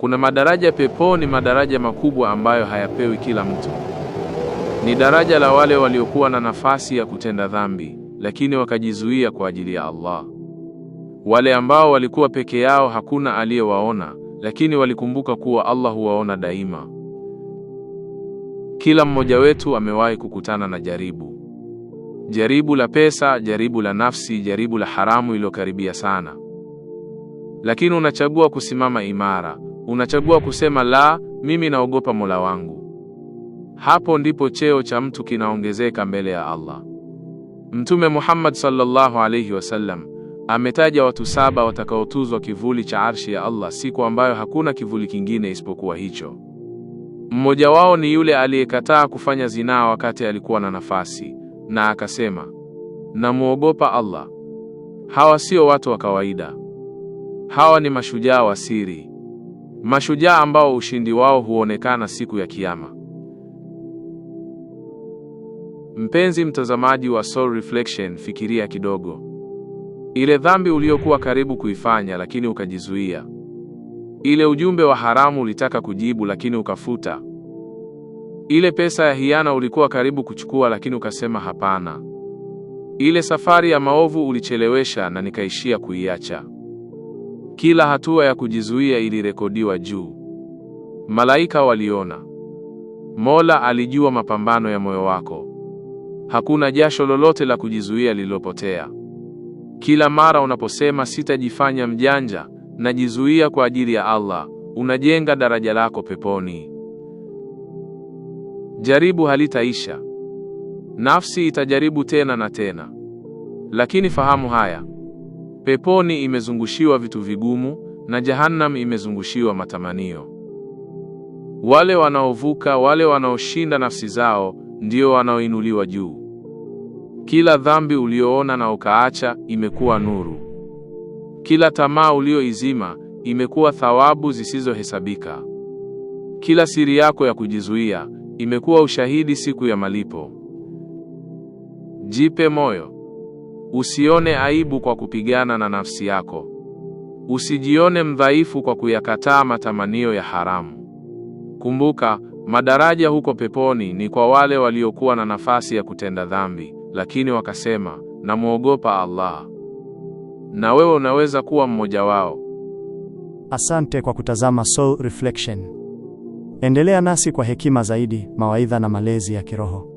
Kuna madaraja peponi, madaraja makubwa ambayo hayapewi kila mtu. Ni daraja la wale waliokuwa na nafasi ya kutenda dhambi, lakini wakajizuia kwa ajili ya Allah. Wale ambao walikuwa peke yao, hakuna aliyewaona, lakini walikumbuka kuwa Allah huwaona daima. Kila mmoja wetu amewahi kukutana na jaribu. Jaribu la pesa, jaribu la nafsi, jaribu la haramu iliyokaribia sana. Lakini unachagua kusimama imara, unachagua kusema la, mimi naogopa Mola wangu. Hapo ndipo cheo cha mtu kinaongezeka mbele ya Allah. Mtume Muhammad sallallahu alayhi wasallam ametaja watu saba watakaotuzwa kivuli cha arshi ya Allah siku ambayo hakuna kivuli kingine isipokuwa hicho. Mmoja wao ni yule aliyekataa kufanya zinaa wakati alikuwa na nafasi na akasema, namwogopa Allah. Hawa sio watu wa kawaida. Hawa ni mashujaa wa siri mashujaa ambao ushindi wao huonekana siku ya Kiyama. Mpenzi mtazamaji wa Soul Reflection, fikiria kidogo ile dhambi uliyokuwa karibu kuifanya lakini ukajizuia, ile ujumbe wa haramu ulitaka kujibu lakini ukafuta, ile pesa ya hiana ulikuwa karibu kuchukua lakini ukasema hapana, ile safari ya maovu ulichelewesha na nikaishia kuiacha. Kila hatua ya kujizuia ilirekodiwa juu. Malaika waliona. Mola alijua mapambano ya moyo wako. Hakuna jasho lolote la kujizuia lililopotea. Kila mara unaposema sitajifanya mjanja, najizuia kwa ajili ya Allah, unajenga daraja lako peponi. Jaribu halitaisha. Nafsi itajaribu tena na tena, lakini fahamu haya Peponi imezungushiwa vitu vigumu na Jahannam imezungushiwa matamanio. Wale wanaovuka, wale wanaoshinda nafsi zao ndio wanaoinuliwa juu. Kila dhambi ulioona na ukaacha imekuwa nuru. Kila tamaa ulioizima imekuwa thawabu zisizohesabika. Kila siri yako ya kujizuia imekuwa ushahidi siku ya malipo. Jipe moyo. Usione aibu kwa kupigana na nafsi yako. Usijione mdhaifu kwa kuyakataa matamanio ya haramu. Kumbuka, madaraja huko peponi ni kwa wale waliokuwa na nafasi ya kutenda dhambi, lakini wakasema, namwogopa Allah. Na wewe unaweza kuwa mmoja wao. Asante kwa kutazama Soul Reflection. Endelea nasi kwa hekima zaidi, mawaidha na malezi ya kiroho.